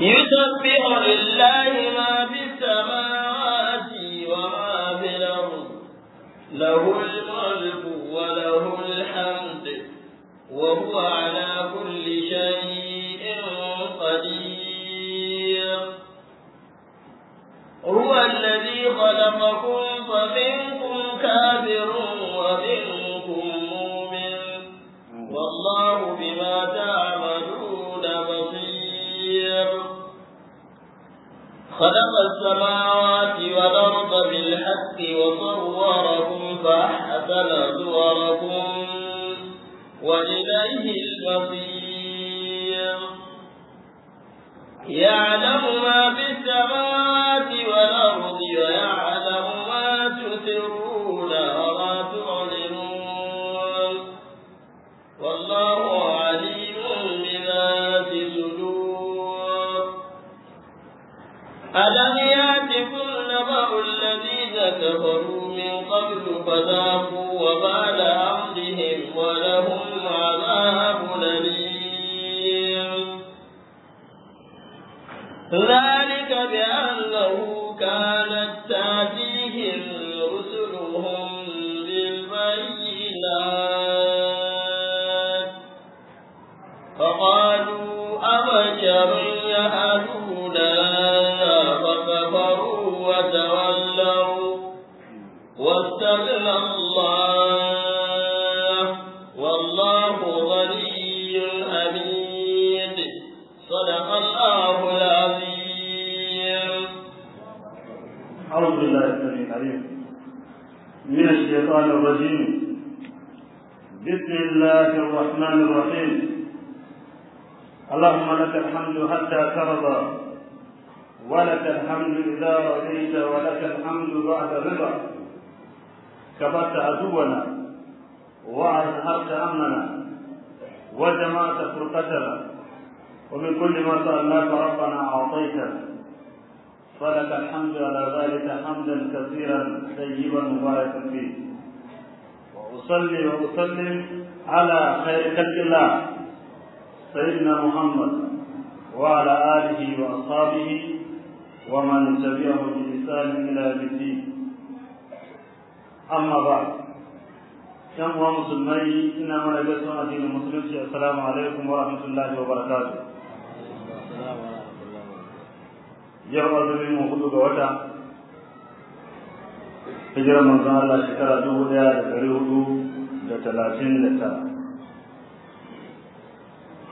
يسبح لله ما في السماوات وما في الأرض له الملك وله الحمد وهو على كل شيء قدير هو الذي خلقكم فمنكم كافرون خلق السماوات والأرض بالحق وصوركم فأحسن صوركم وإليه المصير يعلم ما في السماوات والأرض ويعلم ما تسرون وما تعلنون والله ألم يأتكم نبأ الذين كفروا من قبل فذاقوا وبال أمرهم ولهم عذاب أليم ذلك بأنه كانت تأتيهم رسلهم بالبينات فقالوا أبشر يهدون فكفروا وتولوا واستغنى الله والله غني حميد صدق الله العظيم أعوذ بالله السميع العليم من الشيطان الرجيم بسم الله الرحمن الرحيم اللهم لك الحمد حتى ترضى ولك الحمد إذا رضيت ولك الحمد بعد الرضا كبرت عدونا وأظهرت أمننا وجمعت فرقتنا ومن كل ما سألناك ربنا أعطيته فلك الحمد على ذلك حمدا كثيرا طيبا مباركا فيه وأصلي وأسلم على خير خلق الله سيدنا محمد وعلى آله وأصحابه ومن تبعه بإحسان إلى الدين أما بعد كم هو مسلمي إنما نجسنا دين المسلم السلام عليكم ورحمة الله وبركاته يوم الزمين وخذوا بوجه hijirar manzon Allah shekara dubu ɗaya da ɗari hudu da talatin da tara.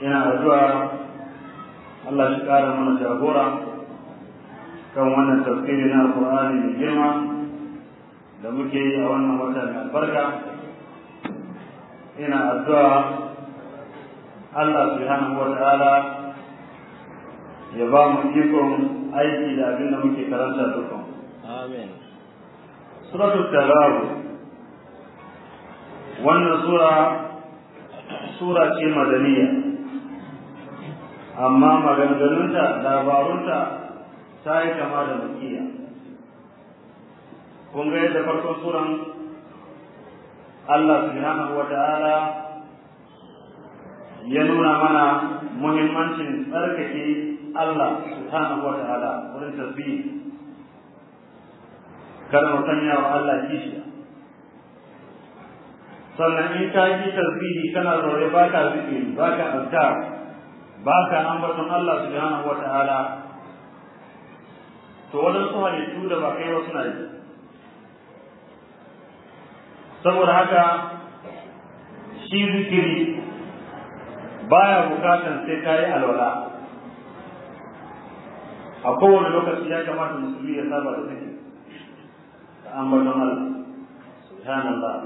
Ina addu'a Allah shi ƙara mana jagora kan wannan tafsiri na Al-Qur'ani da girma da muke yi a wannan wata mai albarka ina addu'a Allah subhanahu wa ta'ala ya ba mu ikon aiki da abin da muke karanta dukkan amin suratu tarawu wannan sura sura ce madaniya amma maganganunta labarunta ta yi kama da makiya kun ga yadda farkon suran Allah subhanahu wa ta'ala ya nuna mana muhimmancin tsarkake Allah subhanahu wa ta'ala wurin tasbih kada mu sanya wa Allah kishiya sannan in ka yi tasbih kana zaure baka ka zikiri ba azkar ambaton Allah subhanahu wa ta'ala to waɗansu halittu da ba kai ba suna ji saboda haka shi zikiri baya bukatan sai ta yi alwala a kowane lokaci ya kamata musulmi ya saba da zikiri ta ambaton Allah subhanallah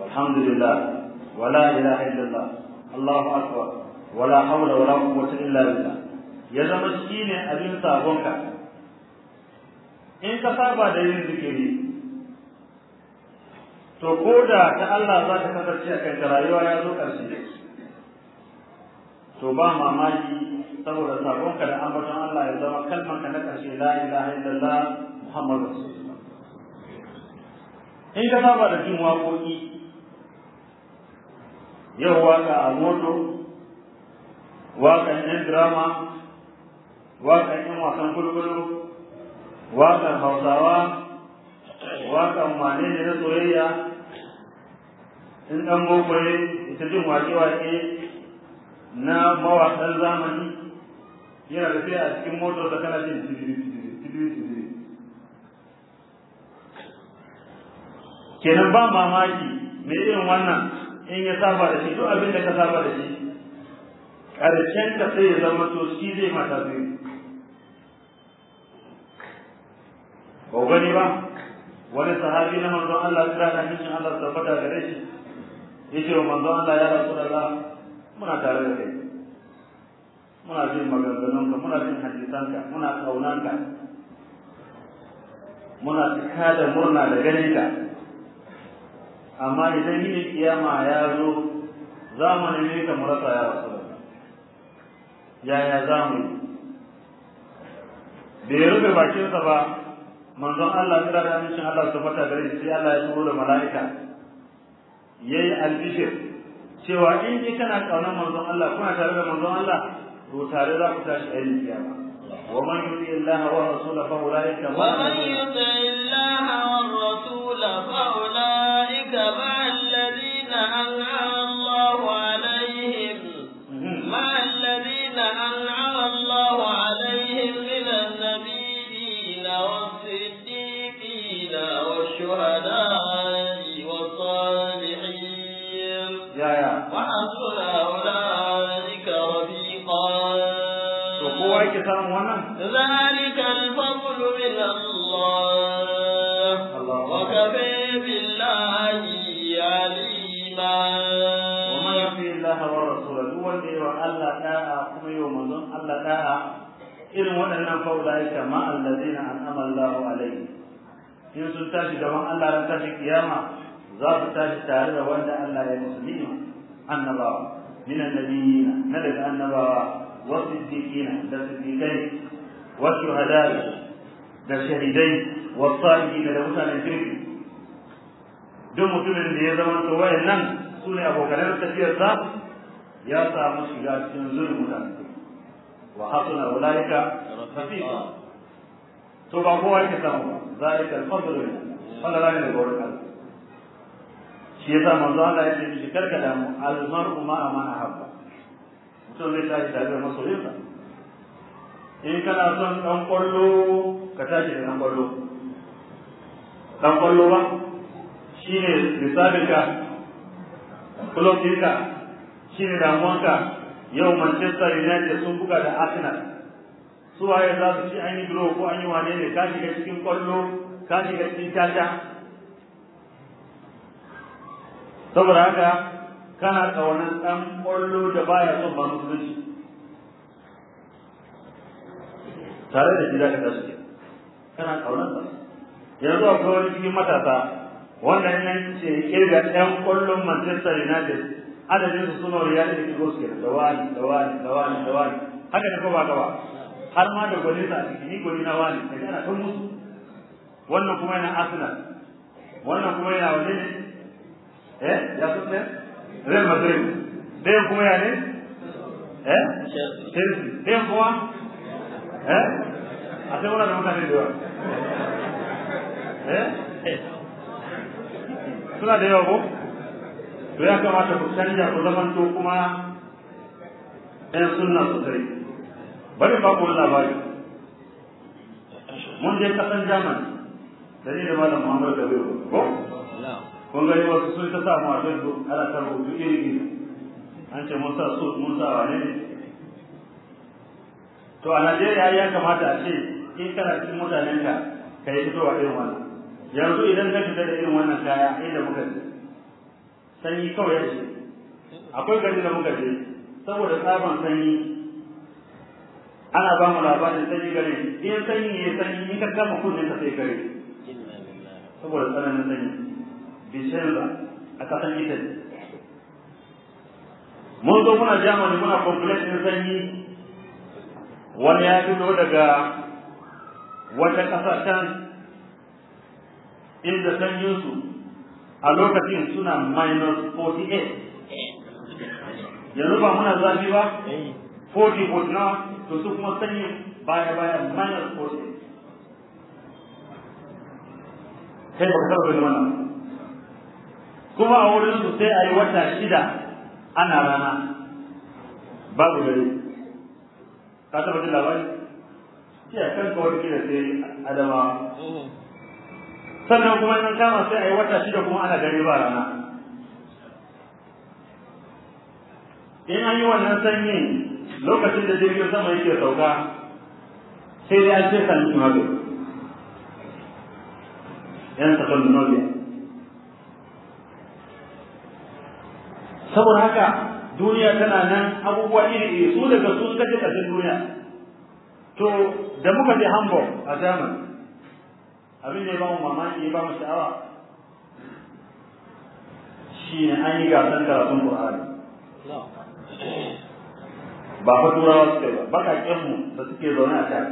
walhamdulillah wala ilaha illallah Allahu akbar wala hawla wala quwwata illa billah ya zama shine abin ka. in ka saba da yin zikiri to ko da ta Allah za ta kasance a kanta rayuwa ya zo ƙarshe to ba mamaki saboda sabonka da ambaton Allah ya zama kalmar ka na ƙarshe la ilaha illallah Muhammad rasulullah in ka saba da jin waƙoƙi yau waƙa a moto waƙan 'yan drama waƙan 'yan wasan gulgulu waƙar hausawa waƙar wane ne na soyayya in dan gogoye ita jin wake-wake na mawaƙan zamani yana da a cikin motar da kana jin kenan ba mamaki me irin wannan in ya saba da shi duk abin da ka saba da shi ƙarshen ka sai ya zama to shi zai mata zai ba gani ba wani sahabi na manzon Allah kira da hannun Allah fada gare shi yace wa manzon Allah ya rasulullah muna tare da kai muna jin maganganunka muna jin ka muna kaunanka muna cika da murna da ganin ka amma idan yi kiyama ya zo za mu nemi ka mu rasa ya rasu yaya za mu bai rufe bakinsa ba manzon Allah kira da amincin Allah su fata gare sai Allah ya turo da mala'ika yayi albishir cewa in ji kana kaunar manzon Allah kuna tare da manzon Allah to tare za ku tashi a yin kiyama ومن يطع الله والرسول فاولئك ومن يطع الله والرسول فاولئك ba alladhina انعم karin wannan zalika al-fadl min Allah wa kafa billahi alima wa man yuti Allah wa rasulahu duk wanda yawa Allah da'a kuma yawa manzon Allah da'a irin waɗannan faulaika ma allazina an'ama Allahu alaihim in sun tashi gaban Allah ran tashi kiyama za su tashi tare da wanda Allah ya musu ni'ima annabawa min annabiyina na daga annabawa والصديقين ده صديقين والشهداء ده شهيدين والصائمين ده مثلا الجن دوم تون اللي يا زمان تو وين نن سوني ابو كلام كثير ذا يا سامو شجار سن زول مدام وحسن اولئك رفيقا تو بابو وين كتامو ذلك الفضل صلى الله عليه وسلم شيء ذا مزال لا يجوز ذكر كلامه المرء ما أمانه حبه son zai tashi tare da in kana son ɗan ƙwallo ka tashi da ɗan ƙwallo ɗan ƙwallo ba shi ne lissafinka kulokin ka shi ne damuwanka yau manchester united sun buga da arsenal su waye za su ci an yi duro ko an yi wane ne ka shiga cikin ƙwallo ka shiga cikin caca saboda haka kana ƙaunar ɗan ƙwallo da baya son ba musulunci tare da shi za ka tashi kana ƙaunar ba? yanzu akwai wani cikin matasa wanda ya ce kirga ɗan ƙwallon Manchester United adadin su suna riyali da kigo suke da wani da wani da wani da wani haka ne ko ba gaba har ma da gwanin sa ciki ni gwani na wani da kana kan musu wannan kuma yana Arsenal wannan kuma yana wani eh ya sun Real Madrid Tem como é ali? É? Chelsea ɗayan kuma É? a sai muna da mutane da yawa eh suna da yawa ko to ya kamata ku canja ku zamanto kuma ɗayan sunna sosai bari ba ku wani labari mun je kasan jamani da ni kun gani wasu sun ta samu a facebook ana ta rubutu iri iri an ce mun sa su mun sa wane ne to a najeriya ya kamata a ce in kana cikin mutanen ka ka yi fitowa irin wannan yanzu idan ka fita da irin wannan kaya inda muka je sanyi kawai ya ce akwai garin da muka je saboda tsaban sanyi ana ba mu labarin sanyi gare in sanyi ne sanyi in ka kama kunnen ka sai gare saboda tsananin sanyi bai sani ba a kasan mun zo muna jamani muna complain din sanyi wani ya fito daga wata kasa can inda sanyinsu a lokacin suna minus 48 yanzu ba muna zafi ba 40 eh. wood na to su kuma sanyi baya baya minus 48 sai ba ka taɓa wannan kuma a wurin su sai a yi wata shida ana rana babu dare ka taɓa jin labari ce a kan kawai da sai adama sannan kuma in kama sai a yi wata shida kuma ana gari ba rana in an yi wannan sanyi lokacin da jirgin sama yake sauka sai dai an ce sanyi magani yan sakon nobiya saboda haka duniya tana nan abubuwa iri iri su daga su suka je ƙarshen duniya to da muka je hamburg a zaman abin da ya ba mu mamaki ya ba mu sha'awa shi ne an yi gasar karatun Qur'ani ba fa turawa suke ba bakaƙen mu da suke zaune a can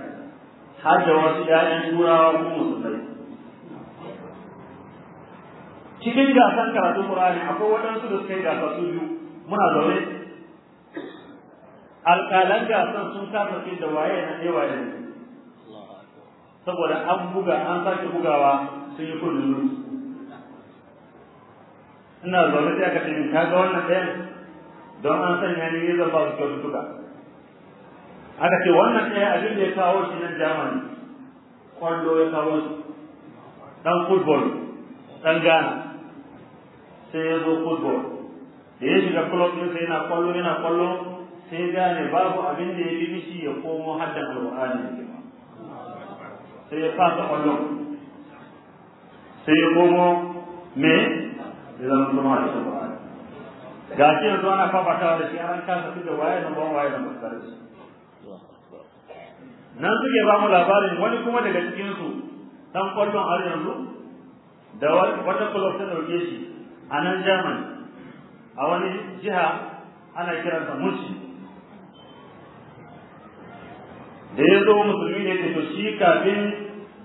har da wasu 'ya'yan turawa mu musulmai cikin gasar karatun Qur'ani akwai waɗansu da suka yi gasa su biyu muna zaune alƙalan gasar sun kasa cin da waye na ɗaya waye ne saboda an buga an sake bugawa sun yi kullum ina zaune sai aka ce ka ga wannan ɗayan don an sanya ni zan ba su kyaututtuka aka ce wannan ɗaya abin da ya kawo shi nan Germany kwallo ya kawo su, ɗan football ɗan Ghana sai ya zo football da ya shiga club ɗinsa yana kwallo yana kwallo sai gane babu abin da ya bi mishi ya komo haddan alƙur'ani sai ya fasa kwallo sai ya komo me ya zama kuma da alƙur'ani ga shi yanzu ana fafatawa da shi an kasa fi da waye na ban waye na masarar nan suke ba mu labarin wani kuma daga cikinsu dan kwallon har yanzu da wata kulob da dauke shi a nan Germany a wani jiha ana kiransa mushi da ya zo musulmi ne to shi kafin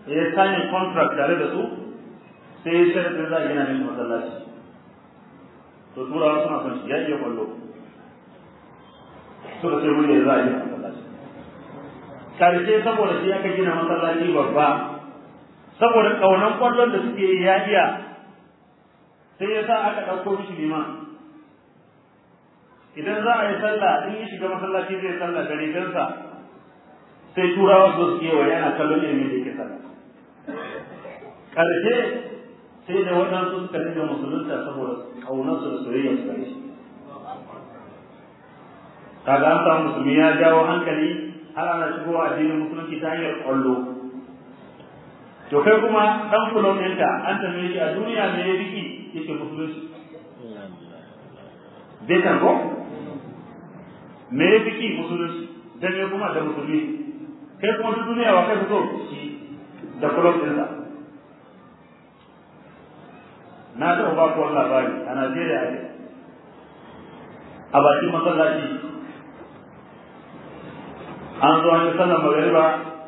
ya sani contract tare da su sai ya sharadin za a gina mishi masallaci to turawa suna son shi ya iya kwallo suka ce wuri za a gina masallaci karshe saboda shi aka gina masallaci babba saboda kaunan kwallon da suke yi ya iya sai ya sa aka ɗauko mishi liman idan za a yi sallah in ya shiga masallaci zai sallah da rigansa sai turawa su su kewa yana kallon ilimin da yake sallah ƙarshe sai da waɗansu suka dinga musulunta saboda ƙaunarsu da soyayya su gare shi kaga an samu musulmi ya jawo hankali har ana shigowa addinin musulunci ta hanyar ƙwallo to kai kuma ɗan fulon ɗinka an tambaye shi a duniya me ya riki yake musulunci kan ko me ya fi ki musulunci dan ya kuma da musulmi kai kuma duk duniya wa kai fito shi da kulon ɗinsa na taɓa ba ku labari a Najeriya ne a bakin masallaci an zo an yi sallar magariba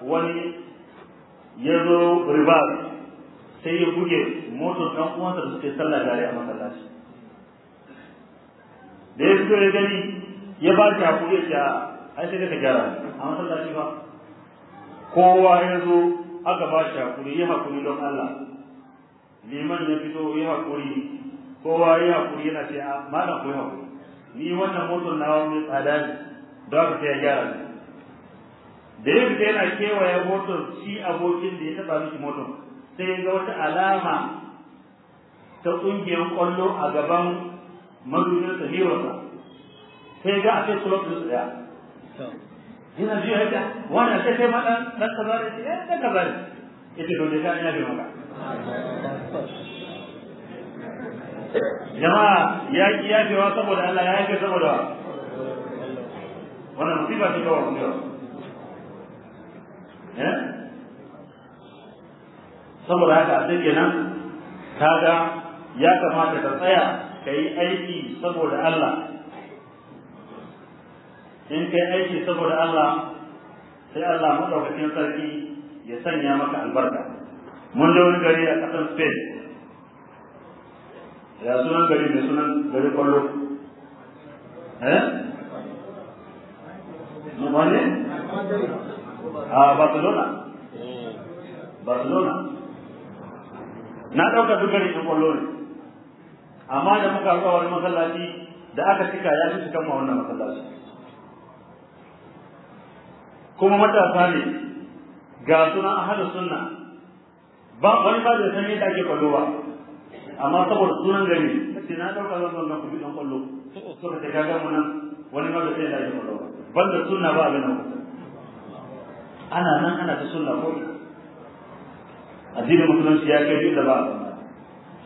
wani ya zo sai ya buge motar ɗan uwansa da suke sallah gari a masallaci da ya fito ya gani ya ba ta hakuri ya ce ai sai ka gyara a masallaci ba kowa ya zo aka ba shi hakuri ya hakuri don Allah liman ya fito ya hakuri kowa ya hakuri yana ce a malam ko ya hakuri ni wannan motar na wani tsada ne don haka sai ya gyara ne da ya fita yana kewaye motar shi abokin da ya taɓa miki motar sai ga wata alama ta ƙungiyar ƙwallo a gaban mazubin tsamirarsa sai ga a sai club ɗin tsaya yana zuwa yadda wani sai kai maɗan ɗan ta da ya ɗan kaza da ita dole ta ya bi maka jama'a ya ki yafewa saboda Allah ya yafe saboda wannan musiba ce kawai kuma eh saboda haka a nan kaga ya kamata ka tsaya ka yi aiki saboda Allah in kai aiki saboda Allah sai Allah madaukakin sarki ya sanya maka albarka mun da wani gari a ƙasar Spain ya sunan gari mai sunan gari kwallo eh a ah, Barcelona Barcelona na ɗauka duk garin yan kwallo ne amma da muka zuwa wani masallaci da aka cika ya fi cikan wannan masallaci kuma matasa ne ga sunan ahalus sunna ba wani ba da san yadda ake kwallo ba amma saboda sunan gari sai na ɗauka zan wannan ku bi ɗan kwallo suka ce ka gamu nan wani ma da sai da ake kwallo ba banda sunna ba a ganin ana nan ana ta sunna ko addinin musulunci ya kai duk da ba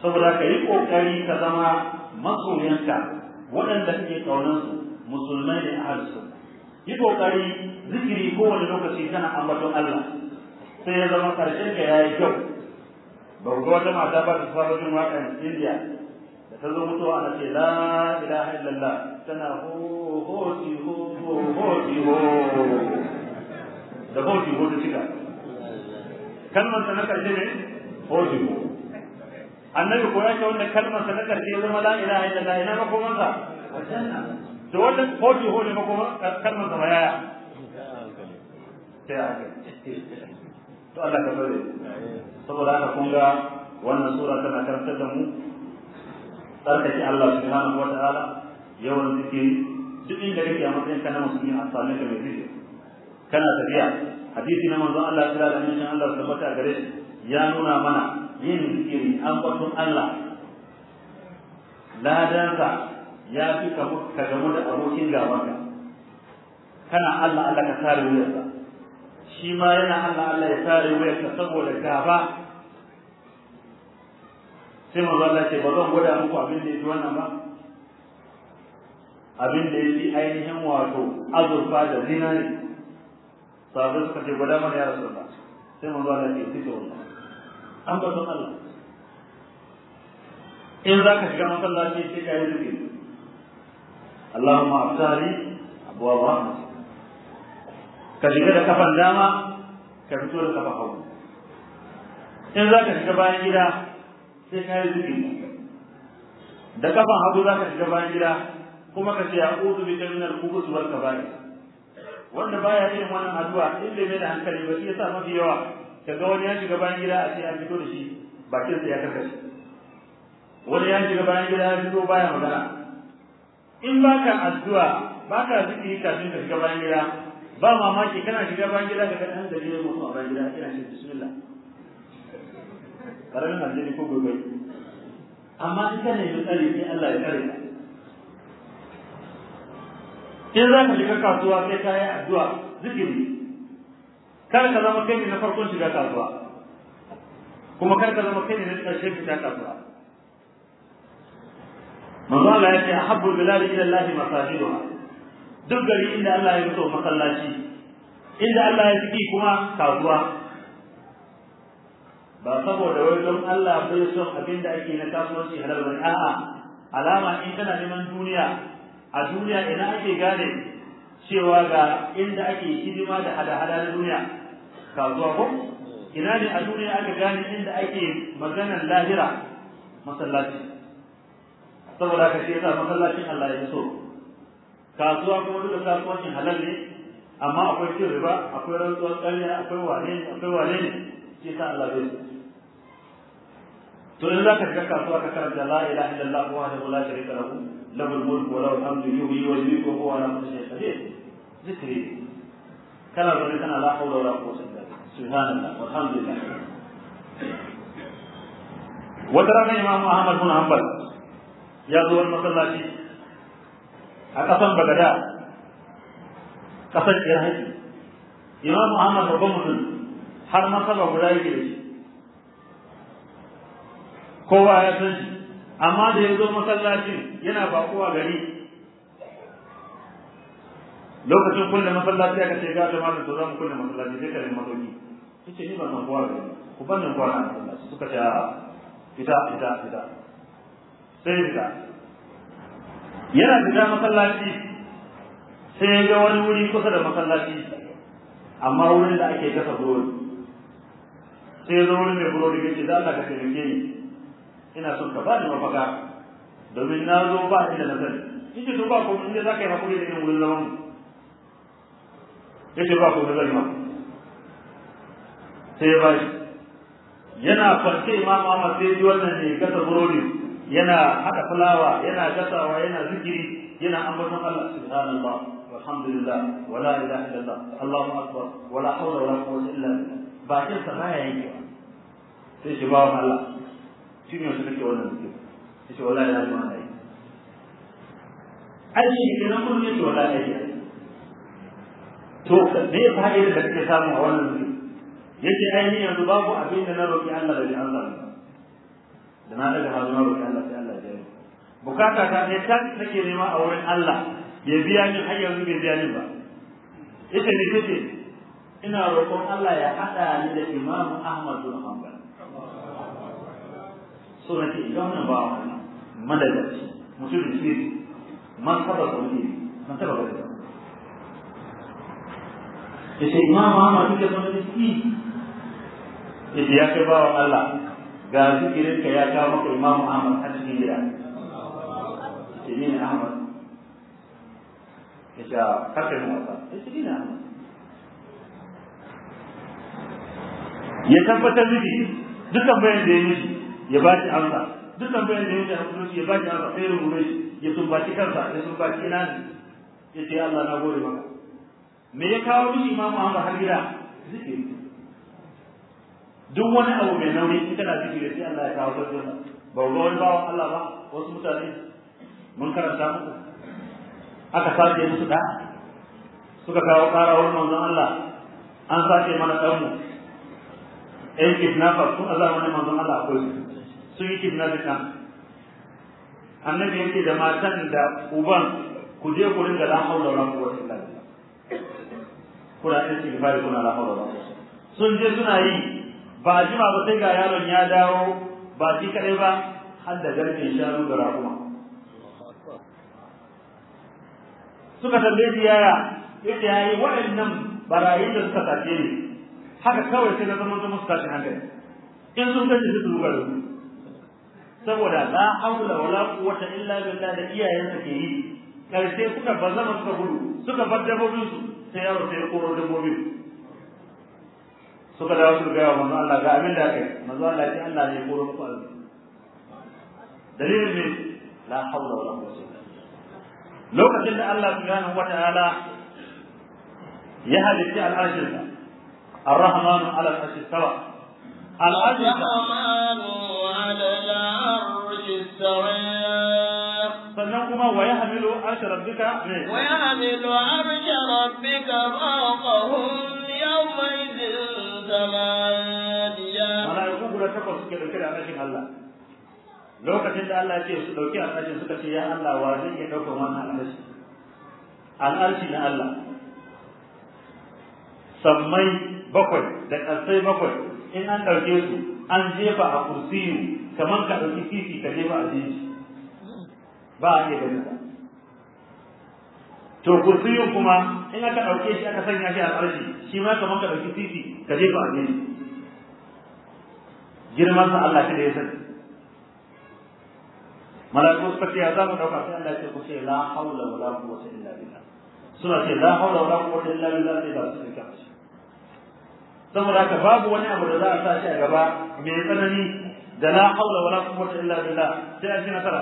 saboda ka yi kokari ka zama masoyanka waɗanda kake kaunar su musulmai ne a su yi kokari zikiri kowane lokaci kana ambaton Allah sai ya zama karshen ka yayi kyau ba ga wata mata ba ta fara jin waƙan India da ta zo mutuwa ana ce la ilaha illallah tana ho ho kalmar sa na karshe ne ko, annabi ko ya ce wannan kalmar sa na karshe ya zama la ilaha illallah ina makoman sa to wannan ko ne makoman kalmar sa bayaya sai haka to Allah ka bari saboda haka kun ga wannan sura tana karantar da mu tsarkake Allah subhanahu wataala yawan zikiri duk inda kake a matsayin kana musulmi a sami ka mai zikiri kana tafiya hadisi na manzon Allah kira da nishin Allah su mata gare ya nuna mana yin zikiri an batun Allah ladansa ya fi ka gamu da abokin gabanka kana Allah Allah ka sare wuyarsa shi ma yana Allah Allah ya sare wuyarsa saboda gaba sai manzon Allah ce ba zan gwada muku abin da ya ji wannan ba abin da ya fi ainihin wato azurfa da zinari sahabbai suka ce mana ya rasu sai manzo Allah ya ce wannan ba don Allah in za ka shiga masallaci sai ka yi zuke Allahumma Awam. abuwa ka shiga da kafan dama ka fito da kafan in za ka shiga bayan gida sai ka yi zuke da kita, kuma ka aku tu bicara dengan al-khubuthi wal wanda baya irin wannan addu'a in bai mai da hankali ba shi yasa mafi yawa kaga wani ya shiga bayan gida a cikin an fito da shi bakin sa ya shi. wani ya shiga bayan gida ya fito baya magana in baka addu'a baka zikiri kafin ka shiga bayan gida ba mamaki kana shiga bayan gida ka ɗan da ne mutum a bayan gida ina shi bismillah ƙaramin aljini ko gobe amma in ka nemi tsari sai Allah ya kare ka in za ka shiga kasuwa sai ka yi addu'a zikiri kar ka zama kai ne na farkon shiga kasuwa kuma kar ka zama kai ne na ƙarshen shiga kasuwa manzo Allah ya ce ahabbu bilal ila Allah masajiduha duk gari inda Allah ya so masallaci inda Allah ya fiki kuma kasuwa ba saboda wai don Allah bai son abinda ake na kasuwanci halal bane a'a alama in kana neman duniya a duniya ina ake gane cewa ga inda ake hidima da hada-hada na duniya kasuwa ko ina ne a duniya aka gane inda ake maganar lahira masallaci saboda ka ce masallacin Allah ya so kasuwa kuma duka kasuwancin halal ne amma akwai cin riba akwai rantsuwar ƙarya akwai wane akwai wane ne ce sa Allah so تولى كذلك أصلاك كرد لا إله إلا الله وحده لا شريك له له الملك وله الحمد يومي وليك وهو أنا من الشيخ خليل ذكري كان ربنا لا حول ولا قوة إلا بالله سبحان الله والحمد لله ودرنا إمام أحمد بن حنبل يا ذو المثل لا شيء أقسم بغداد قصد إرهابي إمام أحمد ربما من حرمة الله ولا يجري kowa ya san shi amma da ya zo masallacin yana baƙo a gari lokacin kulle masallaci aka ce gata malam to za mu kulle masallaci sai kare Su ce ni ba san kowa ba ku ban nan kowa na masallaci suka ce fita fita fita sai fita yana fita masallaci sai ya ga wani wuri kusa da masallaci amma wurin da ake gasa burodi sai ya zo wurin mai burodi ya ce za ka taimake ni ina son ka bani mafaka domin na zo ba shi da nazari yace to ba ko mun za zaka yi hakuri da ni wurin zaman mu yake ba ko nazari ma sai ya bashi yana farke imamu Ahmad sai ji wannan ne gasa burodi yana hada fulawa yana gasawa yana zikiri yana ambaton Allah subhanallah walhamdulillah wala ilaha illallah Allahu akbar wala hawla wala quwwata illa billah bakin sa ba yake sai shi ba Allah shi ne suke wannan zikin ya ce wallahi na zama na yi shi ke nan kullum ya ce wallahi na yi to me ya fa'idar da kake samu a wannan zikin yake ainihin yanzu babu abin da na roƙi Allah da an Allah da na daga hannu na roƙi Allah sai Allah ya yi bukata ta ne ta take nema a wurin Allah ya biya min har yanzu bai biya min ba ita ne kace ina roƙon Allah ya hada ni da Imam Ahmad bin Hanbal so ce wannan ba madadaci mutumin sirri martabar kwamiti ban taba ya ce da shi ya Allah ga zikirin ka ya maka a cikin gida ne Ahmad ya mu ne ya tabbatar miki dukkan bayan da ya miki ya ba shi amsa duk tambayar da yake hakuruci ya ba shi amsa sai rubuce shi ya sumbaci kansa ya sumbaci nani ya ce Allah na gode maka me ya kawo mishi imamu Ahmad har gida zikiri duk wani abu mai nauyi in kana zikiri sai Allah ya kawo sauƙin ba ga wani bawan Allah ba wasu mutane mun karanta muku aka sace musu da suka kawo ƙara wani manzon Allah an sace mana ɗanmu ɗan kidnapper sun azama ne manzon Allah akwai su sun yi kidnapping annabi yake da matan da uban ku je ku ringa la haula wala quwwata illa billah kuna yin istighfar kuna la haula wala sun je suna yi ba jima ba sai ga yaron ya dawo ba ji kadai ba har da garkin shanu da raƙuma suka tambaye shi yaya yake yayi waɗannan barayin da suka tafi ne haka kawai sai na zama musu tashin hankali in sun kace su ruga da su saboda la haula wala quwwata illa billah da iyayensa ke yi karshe suka bazama suka gudu suka bar dabbobin su sai yaro sai ya koro dabbobin suka dawo su gaya wannan Allah ga abin da kai manzo Allah ya Allah ne koro ku azu dalilin ne la haula wala quwwata lokacin da Allah subhanahu wataala ya halitta al'ashin Ar-Rahmanu ala al-arshi al-arshi على العرش استوى sannan kuma wa yahmilu arsha rabbika ne wa yahmilu arsha rabbika fawqahum yawma idhin samaniya malaiku guda takwas suke dauke da annashin Allah lokacin da Allah ya ce su dauki annashin suka ce ya Allah wa zai iya daukar wannan annashi al'arshi na Allah sammai bakwai da ƙasai bakwai in an ɗauke su an jefa a kursiyu kamar ka ɗauki titi ka jefa a jeji ba a iya ganin sa to kursiyu kuma in aka ɗauke shi aka sanya shi a ƙarshe shi ma kamar ka ɗauki titi ka jefa a jeji girman sa Allah shi da ya sani Malakun suka ce ya za mu ɗauka sai Allah ce ku ce la haula kuwa quwwata illa billah suna ce la haula wala quwwata illa billah sai da su a shi saboda haka babu wani abu da za a sa shi a gaba mai tsanani da la haula wala quwwata illa billah sai a ci nasara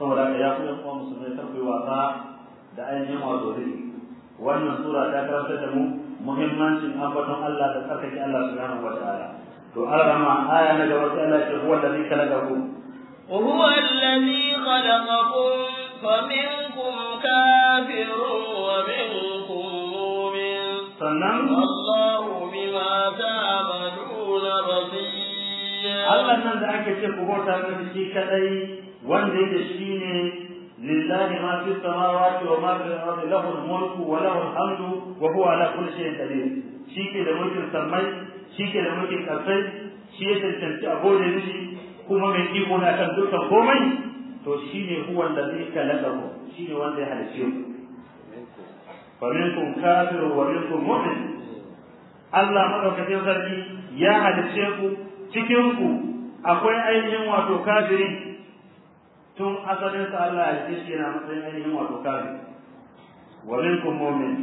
saboda haka ya fi kuma musulmai kar wasa da ainihin wato wannan sura ta karanta da mu muhimmancin ambaton Allah da tsarkake Allah subhanahu wa ta'ala to alama aya na gaba sai Allah ya ce huwa allazi khalaqakum وهو الذي خلقكم فمنكم كافر sannan Allahu bima ta'maluna basir Allah nan da aka ce ku bauta ne shi kadai wanda yake shine al-ardi lahu al-mulku wa lahu al-hamdu wa huwa ala kulli shay'in qadir shi ke da mulkin sammai ke da mulkin kasai shi ya tantance a gode shi kuma mai iko na kan dukkan komai to shine huwan da zai kalaka shi shine wanda ya halice fa كافر ومنكم مؤمن الله mu'min كثير ذلك يا ya halice ku akwai ainihin wato kafiri tun asalin sa Allah ya ce shi yana matsayin ainihin wato kafiri wa minkum mu'min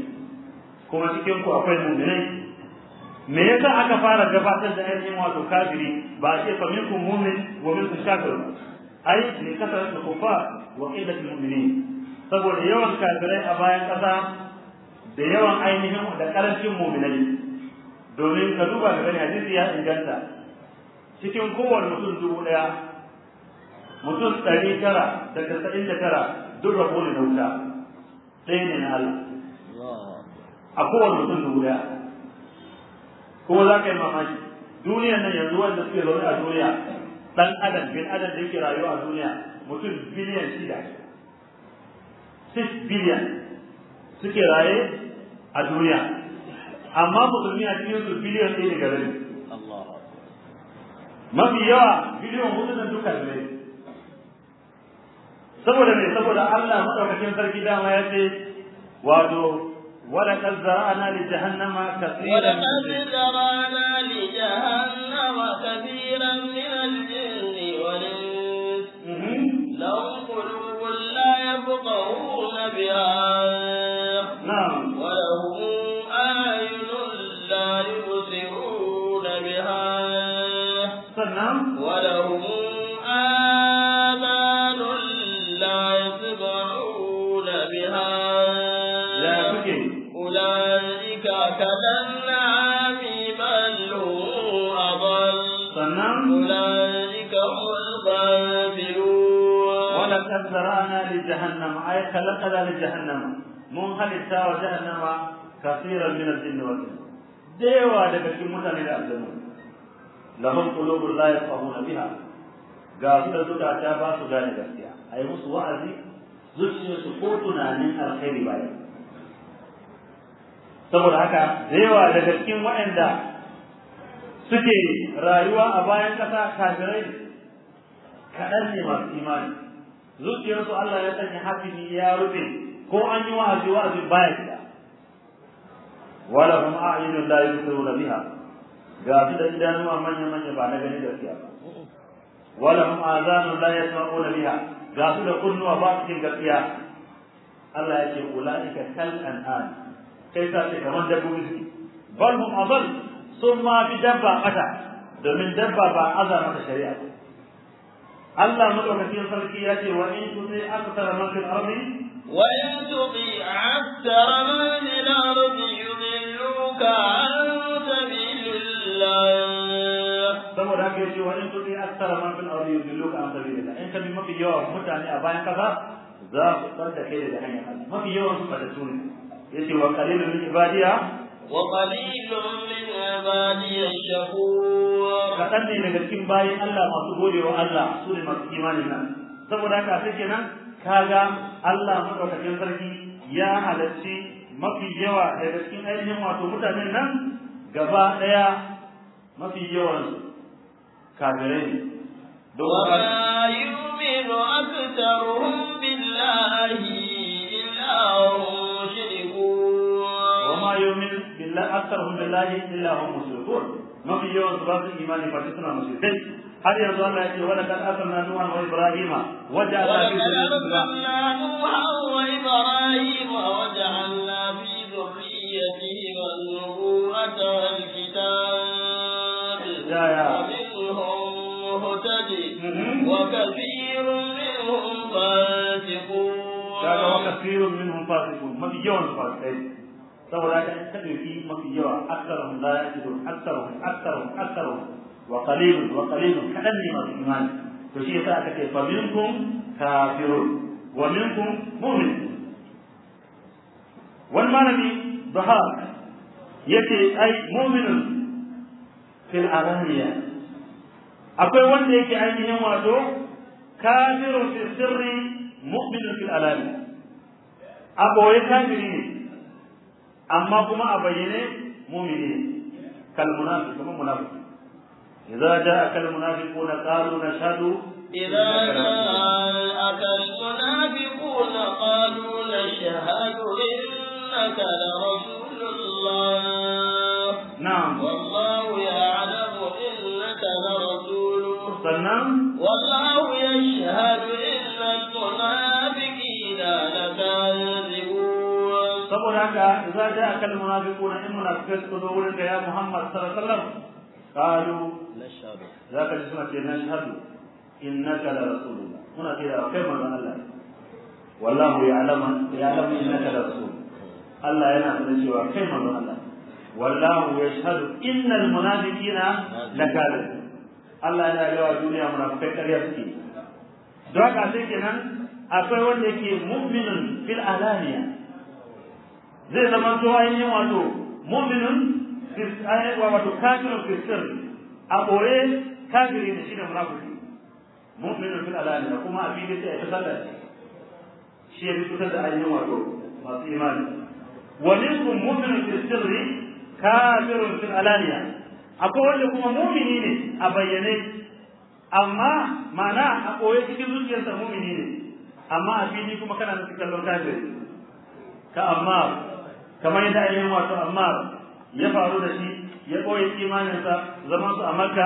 kuma cikin ku akwai mu'minai me yasa aka fara gabatar da ainihin wato kafiri ba ce fa minkum mu'min wa minkum kafir ai ne kasar da kufa wa qidatul mu'minin saboda yawan kafirai a bayan kasa da yawan ainihin da karancin mu'minai domin ka duba ka gani hadisi ya inganta cikin kowane mutum dubu ɗaya mutum ɗari tara da tasa'in da tara duk rabo ne na wuta ɗaya ne na Allah a kowane mutum dubu ɗaya kuma za ka yi mamaki duniyar nan yanzu wanda suke zaune a duniya ɗan adam bin adam da yake rayuwa a duniya mutum biliyan shida 6 biliyan suke raye a duniya amma musulmi a cikin su biliyan ɗaya daga rai mafi yawa biliyan hudu na duka ne saboda me saboda Allah madaukakin sarki dama ya ce wato wala kan zara'ana li jahannama ذرأنا وكتبنا عامبا هو أضل أولئك هم الغافلون ولقد ذرأنا لجهنم أي خلقنا لجهنم mun halitta wa jahannama kafiran min al-jinn wal ins daga cikin mutane da aljanu lahum qulubun la yafqahuna biha ga su da suka ba su gane gaskiya ai musu wa'azi zuciyarsu ko tunanin alkhairi ba saboda haka zaiwa daga cikin waɗanda suke rayuwa a bayan ƙasa kafirai kaɗan ne masu imani zuciyarsu Allah ya sanya hafini ya rufe ko an yi wa'azi wa'azi baya gida wala hum a'yunun la yusiruna biha ga su da idanuwa manya manya ba na gani gaskiya ba wala hum azanun la yasma'una biha ga su da kunnuwa ba su jin gaskiya Allah ya ce ula'ika kal an'am kaisa sa ce kamar dabbobi su bal hum adal sun ma fi dabba kata domin dabba ba azama da shari'a Allah madaukakin sarki ya ce wa in tuti akthar man fil ardi wa in tuti akthar man fil ardi yudilluka an sabilillah saboda haka yace wa in tuti akthar man fil ardi yudilluka an sabilillah in kabi mafi yawan mutane a bayan kaza za su tsarda kai da hanyar Allah mafi yawan su ba da sunna yace wa qalilun min ibadiya wa qalilun min ibadiya shakur kadan ne daga cikin bayin Allah masu godewa Allah su ne masu imanin nan saboda haka sai kenan kaga Allah madaukakin sarki ya halarci mafi yawa daga cikin ainihin wato mutanen nan gaba daya mafi yawan kafirai ne وما يؤمن أكثرهم بالله إلا هم يؤمن بالله أكثرهم بالله إلا هم مشركون ما في يوم سبب الإيمان فاتتنا مشركين هل يرضى الله يقول ولقد أرسلنا نوحا وإبراهيم وجعلنا في ذريتهما نوحا وإبراهيم وجعلنا في ذريتهما النبوة والكتاب ومنهم مهتدي وكثير منهم فاسقون وكثير منهم فاسقون ما في يوم فاسقين saboda ka ta ka dauki mafi yawa aktsaruhum la yaqilun aktsaruhum aktsaruhum aktsaruhum wa qalilun wa qalilun kadan ne masu imani to shi yasa aka ce fa minkum kafirun wa minkum mu'min wani malami bahar yace ai mu'minun fil araniya akwai wanda yake ainihin wato kafirun fi sirri mu'minun fil alani a boye kafiri ne amma kuma a bayyane mumini ne kal munafiq kuma munafiq idza ja'aka al munafiquna qalu nashhadu idza ja'aka al munafiquna qalu nashhadu innaka la rasulullah na'am wallahu ya'lamu innaka la rasuluh sannan wallahu yashhadu innal munafiqina saboda haka idza jaa kal munafiquna in munafiqun zo wurin da ya Muhammad sallallahu alaihi wasallam qalu nashhadu zaka ji suna ce nashhadu innaka la rasulullah muna ce da kai manzon Allah wallahu ya'lamu ya'lamu innaka la rasul Allah yana sanin cewa kai manzon Allah wallahu yashhadu innal munafiqina lakadibun Allah yana yawa duniya munafikai ƙarya suke don haka sai kenan akwai wanda yake mu'minun fil alaniya zai zama to ainihin wato mu'minun wato kafin fisir a ɓore kafiri da shi da murabuki mu'minun fil alani da kuma abin da ya tsalla shi ya fitar da ainihin wato masu imani wa minkum mu'minun fil sirri kafirun fil alaniya akwai wanda kuma mumini ne a bayyane amma ma'ana a ɓoye cikin zuciyarsa mumini ne amma a fili kuma kana da cikin lokacin ka amma kamar yadda ainihin wato amma ya faru da shi ya ɓoye imaninsa zaman su a makka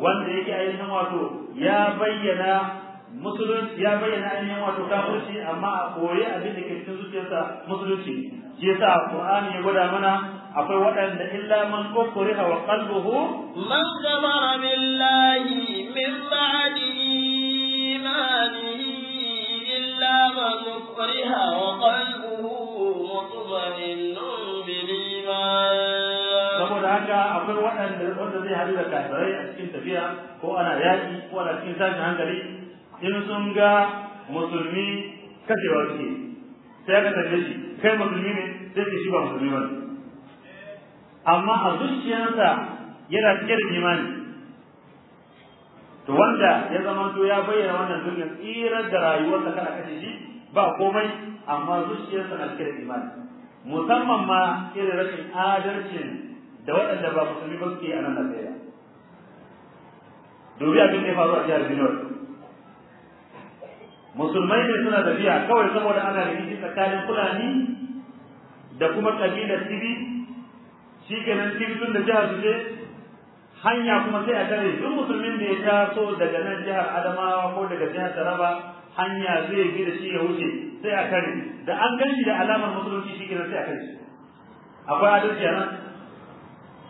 wanda yake ainihin wato ya bayyana musulunci ya bayyana ainihin wato kafirci amma a koye abin da ke cikin zuciyarsa musulunci shi yasa qur'ani ya gwada mana akwai waɗanda illa man ukriha wa qalbuhu man kafara billahi min ba'di imanihi illa man ukriha wa qalbuhu saboda haka akwai waɗanda wanda zai haɗu da kafirai a cikin tafiya ko ana yaƙi ko ana cikin tashin hankali in sun ga musulmi kashewa suke sai aka tambaye shi kai musulmi ne sai ce shi ba musulmi ba amma a zuciyarsa yana cike da imani to wanda ya zamanto ya bayyana wannan sunnar tsirar da rayuwarsa kana kashe shi ba komai amma zuciyarsa na cike da imani musamman ma irin rashin adalcin da waɗanda ba musulmi ba suke a nan Najeriya dubi abin da ya faru a jihar Benue musulmai ne suna da biya kawai saboda ana rikici tsakanin Fulani da kuma kabilar Tibi shi kenan Tibi tun da jihar su hanya kuma sai a tare duk musulmin da ya taso daga nan jihar Adamawa ko daga jihar Taraba hanya zai bi da shi ya wuce sai a tare da an gan shi da alamar musulunci shi kenan sai a kai akwai adalci a nan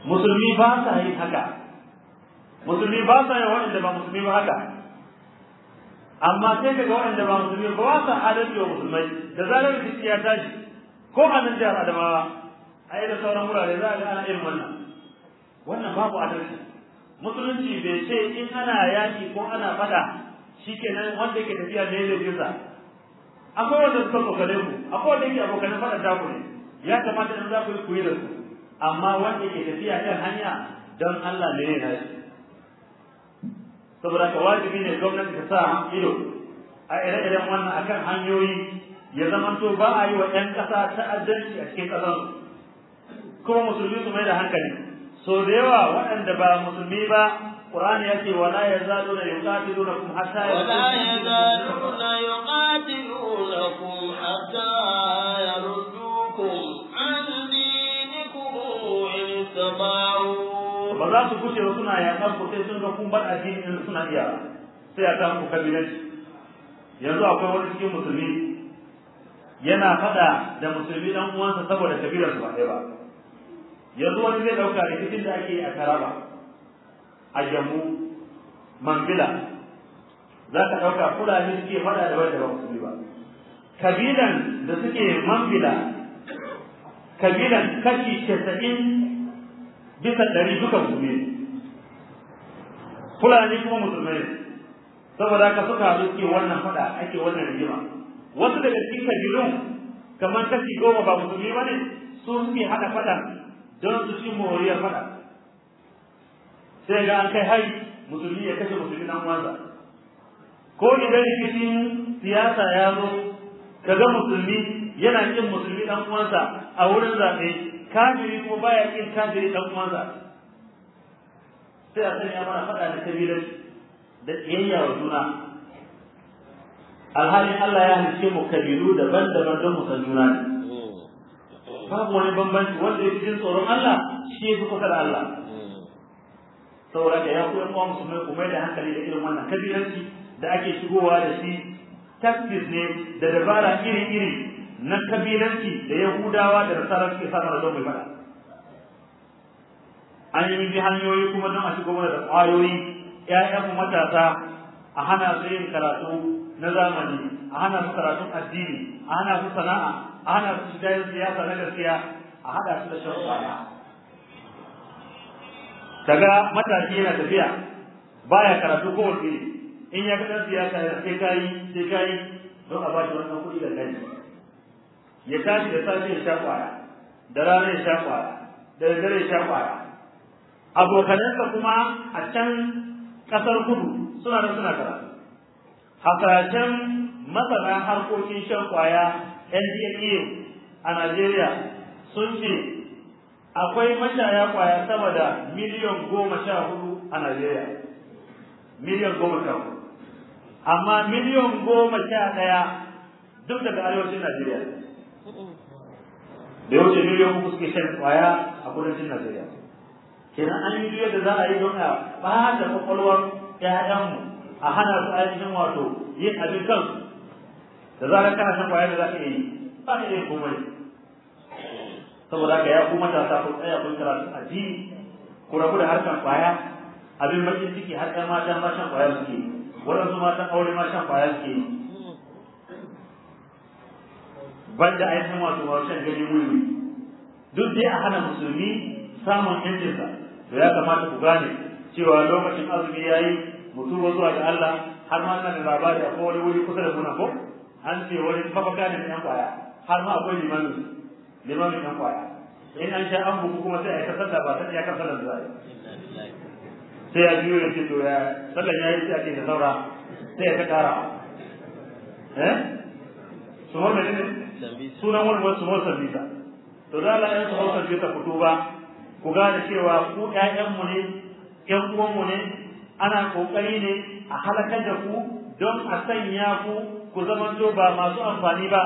musulmi ba sa yin haka musulmi ba sa yin waɗanda ba musulmi ba haka amma sai kaga waɗanda ba musulmi ba wasa sa adalci wa musulmai da zarar rikici ta shi ko a nan jihar Adamawa a yi da sauran wurare za a ga ana irin wannan wannan babu adalci musulunci bai ce in ana yaki ko ana fada nan wanda yake tafiya da yadda jinsa akwai wanda suka kokare ku akwai wanda yake abokan fada ta ku ne ya kamata in za ku yi kuyi da su amma wanda yake tafiya kan hanya don Allah ne ya shi saboda ka wajibi ne gwamnati ta sa ido a ire-iren wannan akan hanyoyi ya zama to ba a yi wa 'yan ƙasa ta'addanci a cikin ƙasar kuma musulmi su mai da hankali so da yawa waɗanda ba musulmi ba Qur'an ya ce wala yazaluna yuqatilunakum hatta wala yazaluna yuqatilunakum hatta yaruddukum an dinikum in tabau ba za su kuce ba suna yaƙar ku sai sun ga kun bar addini suna iya sai a ta muku kabilanci yanzu akwai wani cikin musulmi yana faɗa da musulmi dan uwansa saboda kabilar su ba ɗaya ba yanzu wani zai ɗauka rikicin da ake a taraba a jammu mangila za ka ɗauka fulani suke faɗa da wanda ba musulmi ba kabilan da suke mangila kabilan kashi casa'in bisa ɗari duka musulmi fulani kuma musulmai saboda ka suka haɗu suke wannan faɗa ake wannan rigima wasu daga cikin kabilun kamar kashi goma ba musulmi ba ne su suke haɗa faɗa don su ci moriyar fada sai ga an kai hari musulmi ya kashe musulmi dan uwansa ko idan rikicin siyasa ya zo ka ga musulmi yana cin musulmi dan uwansa a wurin zaɓe kafiri kuma baya cin kafiri dan uwansa sai a sanya mana faɗa da kabilar da tsayayya wa juna alhalin Allah ya halice mu kabilu daban-daban don mu juna ne babu wani bambanci wanda ya jin tsoron Allah shi ya fi kusa da Allah saboda ga ya ku yan uwa musulmai kuma da hankali da irin wannan kabilanci da ake shigowa da shi taktis ne da dabara iri-iri na kabilanci da yahudawa da nasarar suke sa da mai faɗa an yi bi hanyoyi kuma don a shigo mana da ƙwayoyi mu matasa a hana su yin karatu na zamani a hana su karatun addini a hana su sana'a a hana su shiga yin siyasa na gaskiya a haɗa su da shan kwana daga matashi yana tafiya baya karatu ko wani in ya ga siyasa ya sai kayi sai kayi don a bashi wannan kuɗi da kai ya tashi da safe ya sha kwaya da rana ya sha kwaya da dare ya sha kwaya abokanansa kuma a can ƙasar kudu suna da suna karatu A karatun. masana harkokin shan kwaya NDLEA a Najeriya sun ce akwai mashaya kwaya sama da miliyan goma sha hudu a Najeriya miliyan goma sha hudu amma miliyan goma sha ɗaya duk daga arewacin Najeriya da yau ce miliyan uku suke shan kwaya a kudancin Najeriya kenan an yi da za a yi don a ba da kwakwalwar 'ya'yanmu a hana su ainihin wato yin abin kansu da zarar kana shan kwaya da za ka yi ba ka iya komai saboda ka ya ku matasa ku tsaya kun karatu addini ku rabu da harkan kwaya abin bakin ciki har ɗan mata ma shan kwaya suke waɗansu matan aure ma shan kwaya suke yi banda ainihin wato shan gani wuri duk dai a hana musulmi samun yancinsa da ya kamata ku gane cewa lokacin azumi ya yi mutum zuwa ga Allah har ma da labari a kowane wuri kusa da muna ko an ce wani mafaka ne na kwaya har ma akwai limami limami ne kwaya in an sha an buku kuma sai a yi sallah ba sai ya kan sallar zuwa sai ya biyo ya ce to ya sallar ya yi sai a ce da saura sai ya ta kara eh su hau ne sunan wani wasu hau sambisa to da la yanzu su hau sambisa ku ba ku gane cewa ku ƴaƴanmu ne ƴan uwanmu ne ana ƙoƙari ne a halakar da ku don a sanya ku ku zamanto ba masu amfani ba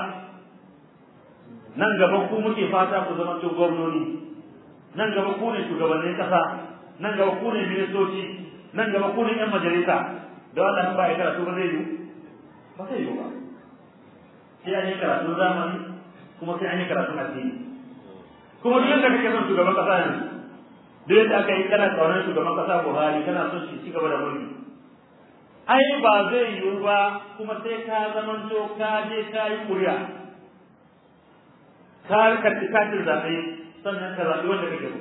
nan gaba ku muke fata ku zamanto gwamnoni nan gaba ku ne shugabannin kasa nan gaba ku ne ministoci nan gaba ku ne yan majalisa da wannan ba ya karatu ba zai yi ba zai yi ba sai an yi karatu zamani kuma sai an yi karatu addini kuma duk yadda kake son shugaban kasa yanzu duk yadda aka yi kana tsaron shugaban kasa Buhari kana son shi ci gaba da mulki ai ba zai yiwu ba kuma sai ka to ka je ka yi kuriya ka karɓi katin zaɓe sannan ka zaɓi wanda kake so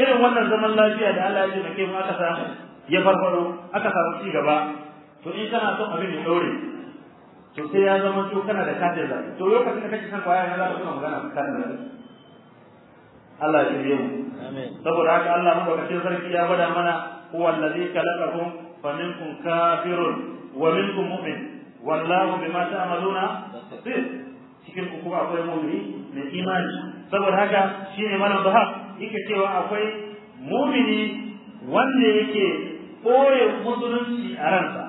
irin wannan zaman lafiya da Allah ya taimake mu aka samu ya farfaro aka samu ci gaba to in kana son abin ya ɗaure to sai ya zama to kana da katin zaɓe to lokacin da kake san kwaya na za ka suna magana da katin zaɓe Allah ya yi mu saboda haka Allah madaukakin sarki ya gwada mana huwa allazi khalaqakum فمنكم كافر ومنكم مؤمن والله بما تعملون بصير cikin ku kuma akwai mumini mai imani saboda haka shine malam bahar yake cewa akwai mumini wanda yake ɓoye musulunci a ransa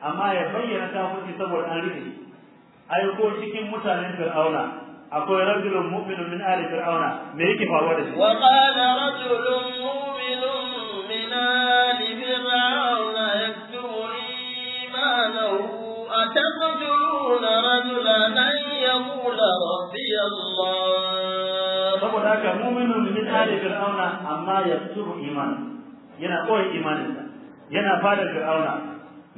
amma ya bayyana kuke saboda an rufe ai ko cikin mutanen fir'auna akwai rajulun mu'minun min ali fir'auna me yake faruwa da shi wa qala rajulun mu'minun min ali أتقتلون رجلا أن يقول ربي الله saboda haka mu'minun min ali fir'auna amma ya yaktubu iman yana koyi imaninsa yana fadar fir'auna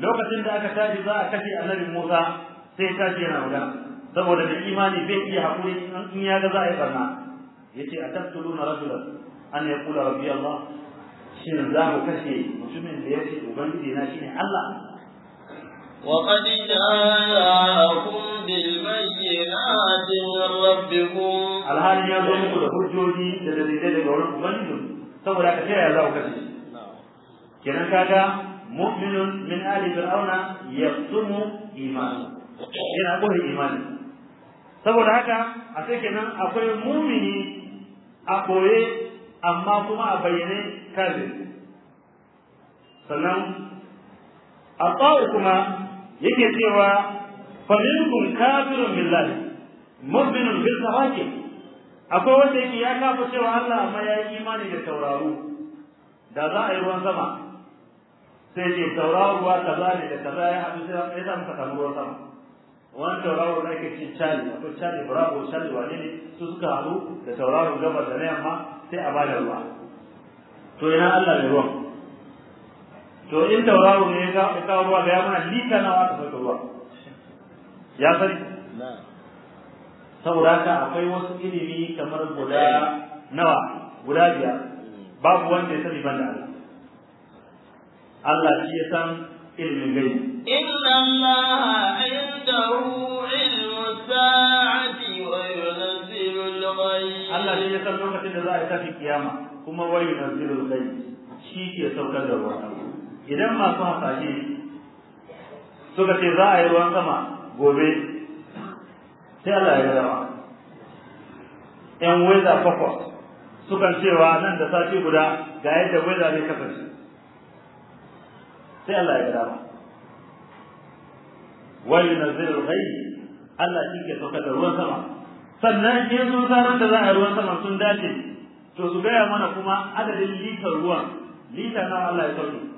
lokacin da aka tashi za a kashe annabi Musa sai tashi yana wuda saboda da imani bai iya hakuri in ya ga za a yi barna yace ataqtuluna rajulan an yaqula rabbi Allah shin za mu kashe mutumin da yace ubangiji na shine Allah وقد جاءكم بالبينات من ربكم الحال يا زوم كل حجوجي الذي ذلك ورب منهم saboda ka taya za ku kasance kenan kaga mu'minun min ali fir'auna yaqtumu imanu yana koyi imani saboda haka a sai kenan akwai mumini a koye amma kuma a bayyane kare sannan a kuma yake cewa faminkum kafirun billahi mu'minun bil sawaki akwai wanda yake ya kafa cewa Allah amma ya yi imani da tauraro da za a yi ruwan sama sai ce tauraro ruwa kaza ne da kaza ya haɗu sai ya zama samu ruwan sama wani tauraro na yake cin chali akwai chali bravo chali wane ne su suka hadu da tauraro gaba da na yamma sai a ba da ruwa to ina Allah ne ruwan to in tauraro ne ya kawo ruwa ga yamuna lita nawa wata sauka ruwa ya sani saboda haka akwai wasu ilimi kamar guda nawa guda biyar babu wanda ya sani banda Allah shi ya san ilimin gaibi inna Allah indahu ilmu sa'ati wa yunzilul ghaib Allah shi ya san lokacin da za a tafi kiyama kuma na yunzilul ghaib shi ke saukar da ruwa idan masu hasashe suka ce za a yi ruwan sama gobe sai Allah ya rawa yan weza kwakwa sukan cewa nan da sati guda ga yadda weza zai kasance sai Allah ya rawa wani na zai rai Allah shi ke sauka da ruwan sama sannan in sun sanar da za a yi ruwan sama sun dace to su gaya mana kuma adadin litar ruwan lita na Allah ya sauke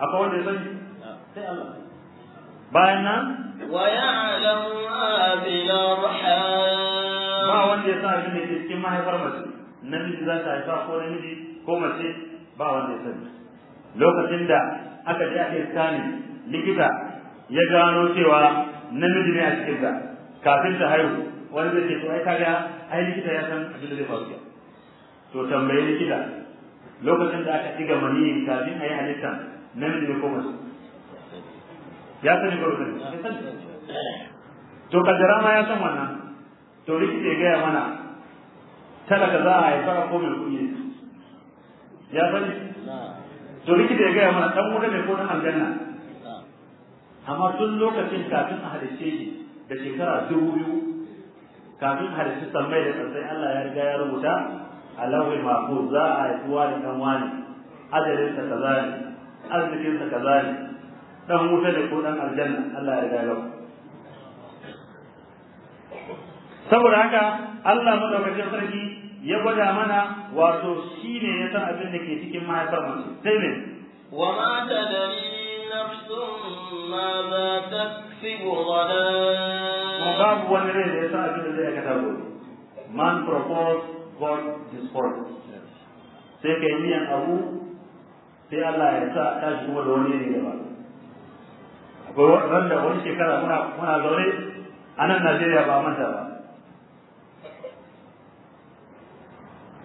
akwai wanda ya sani bayan nan wa ya'lamu ma bil ba wanda ya sa abin da ke cikin mahaifar mace namiji za ta haifa ko namiji ko mace ba wanda ya sani lokacin da aka ji ake iskani likita ya gano cewa namiji ne a cikin ta kafin ta haihu wani zai ce to ai kaga ai likita ya san abin da zai faru to tambayi likita lokacin da aka ɗiga maniyin kafin a yi halittar namiji ne ko mace ya sani ko sani ya sani to kaddara ma ya san wannan to likita ya gaya mana talaka za a haifa ko mai kuɗi ya sani to likita ya gaya mana dan wuta ne ko dan aljanna amma tun lokacin kafin a halice shi da shekara dubu biyu kafin halittu sammai da tsantsai Allah ya riga ya rubuta a lauhin mako za a yi haifuwa da ɗan wani ajalinsa kaza ne arzikinsa kaza ne dan wuta da ko aljanna Allah ya gano saboda haka Allah madaukakin sarki ya gwada mana wato shi ne ya san abin da ke cikin mahaifar masu sai ne wa ma tadri nafsun ma za taksibu ghada wa babu wani rai da ya san abin da zai aikata gobe man propose God disposes sai ka yi niyan abu sai Allah ya sa ta shi kuma da wani ne ba akwai wanda wani shekara muna muna zaune a nan Najeriya ba manta ba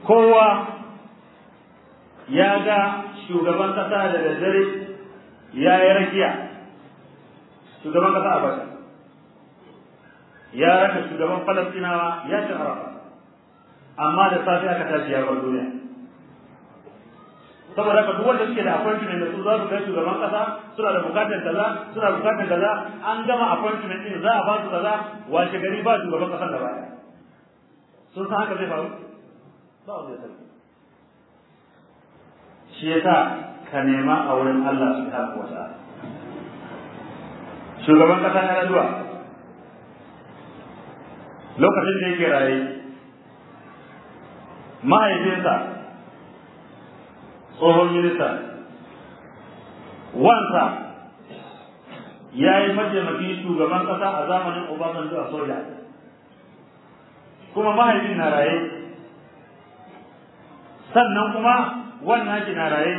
kowa ya ga shugaban kasa da daddare ya yi rakiya shugaban kasa a baka ya raka shugaban falastinawa ya ci amma da safe aka tashi ya bar duniya saboda haka duk wanda suke da appointment da su za su kai shugaban kasa suna da bukatar kaza suna bukatar kaza an gama appointment din za a ba su kaza washe gari ba shugaban kasa da baya sun san haka zai faru ba wanda sani shi yasa ka nema a wurin Allah subhanahu wa ta'ala shugaban kasa na zuwa lokacin da yake raye mahaifinsa tsohon minista wansa ya yi mataimakin shugaban kasa a zamanin obama a soja kuma mahaifin na raye sannan kuma wannan ki na raye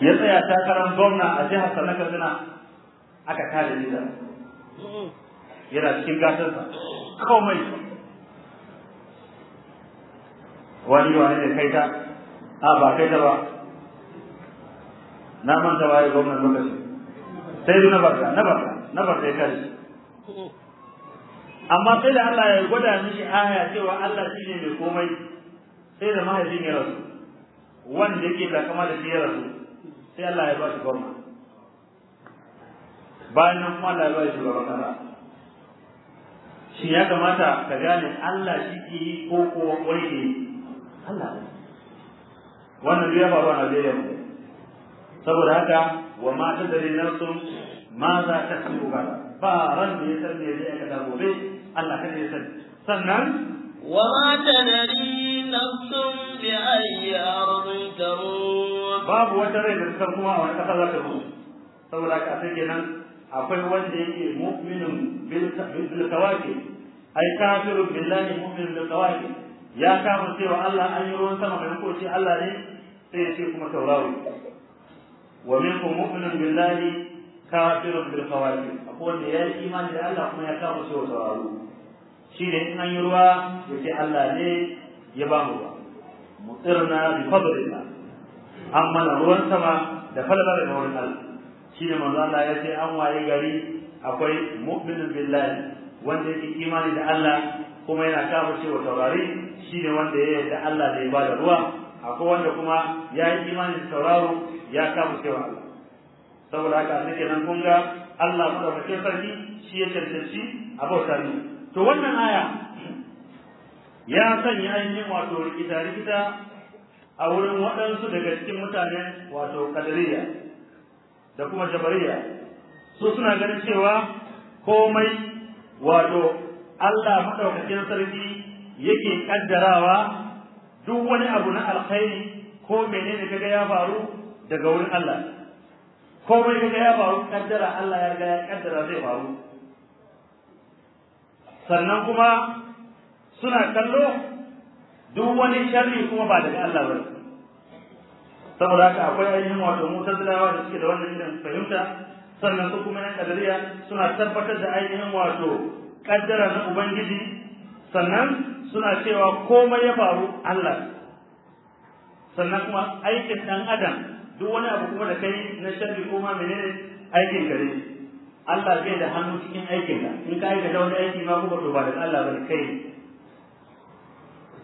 ya tsaya takarar gwamna a jihar sa na kaduna aka kare ni yana cikin gasarsa komai wani wani da kai ta a ba kai da ba na manta waye gwamnan lokaci. sai na barka na barka na barka ya kare amma sai da Allah ya gwada mishi aya cewa Allah shi ne mai komai sai da mahaifin ya rasu wanda yake da kama da ya rasu sai Allah ya ba shi gwamna bayan nan kuma Allah ya ba shi gwamna shi ya kamata ka gane Allah shi ke yi ko ko wani ne Allah ne wannan ya faru a Najeriya mu saboda haka wa ma ta dare su ma za ta su ba ba ran da ya san me zai aka gobe Allah kada ya san sannan wa ma ta dare su bi ayyi ardin tamut babu wata rai da ta kuma a wani kasa za ta mutu saboda haka sai kenan akwai wanda yake mu'minin bil tawaki ai kafirun billahi mu'minin bil tawaki ya kama cewa Allah an yi ruwan sama maimako ce Allah ne sai ya ce kuma taurari wa minkum mu'minun billahi kafirun bil khawati akwai wanda ya yi imani da Allah kuma ya kama cewa taurari shi ne in an yi ruwa ya ce Allah ne ya ba mu ba mutirna bi fadlillah amma na ruwan sama da falbar da wurin Allah shi ne manzo Allah ya ce an waye gari akwai mu'minun billahi wanda yake imani da Allah kuma yana kafa cewa taurari ne wanda ya yarda Allah zai ba da ruwa akwai wanda kuma ya yi imani da tauraro ya kafa cewa saboda haka nake nan kun ga Allah madaukakin sarki shi ya cancanci a bauta ne to wannan aya ya sanya ainihin wato rikita rikita a wurin waɗansu daga cikin mutane wato kadariya da kuma jabariya su suna ganin cewa komai wato Allah madaukakin sarki yake kaddarawa duk wani abu na alkhairi ko menene kaga ya faru daga wurin Allah komai kaga ya faru kaddara Allah ya riga ya kaddara zai faru sannan kuma suna kallo duk wani sharri kuma ba daga Allah ba saboda haka akwai ainihin wato mutazilawa da suke da wannan irin fahimta sannan su kuma na kadariya suna tabbatar da ainihin wato kaddara na ubangiji sannan suna cewa komai ya faru Allah sannan kuma aikin dan adam duk wani abu kuma da kai na sharri kuma menene aikin gare Allah bai da hannu cikin aikin ka in ka aikata wani aiki ma kuma to ba da Allah bane kai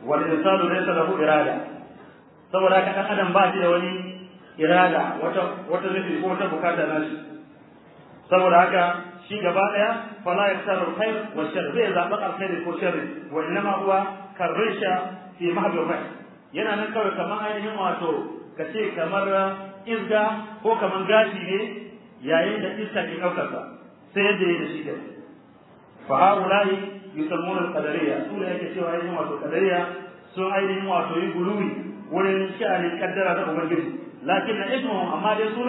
wal insanu laysa lahu irada saboda haka dan adam ba shi da wani irada wata wata zai ko wata bukata na shi saboda haka shi gaba daya fala yaktaru khair wa shar zai zaba alkhair ko shar wa inma huwa karisha fi mahdur yana nan kawai kamar ainihin wato kace kamar izga ko kamar gashi ne yayin da iska ke ɗaukarsa sai yadda yake shi ke fa haula'i yusammuna alqadariyya su ne cewa ainihin wato qadariya sun ainihin wato yi guluwi wurin sha'anin kaddara da ubangiji lakin na ismu amma dai su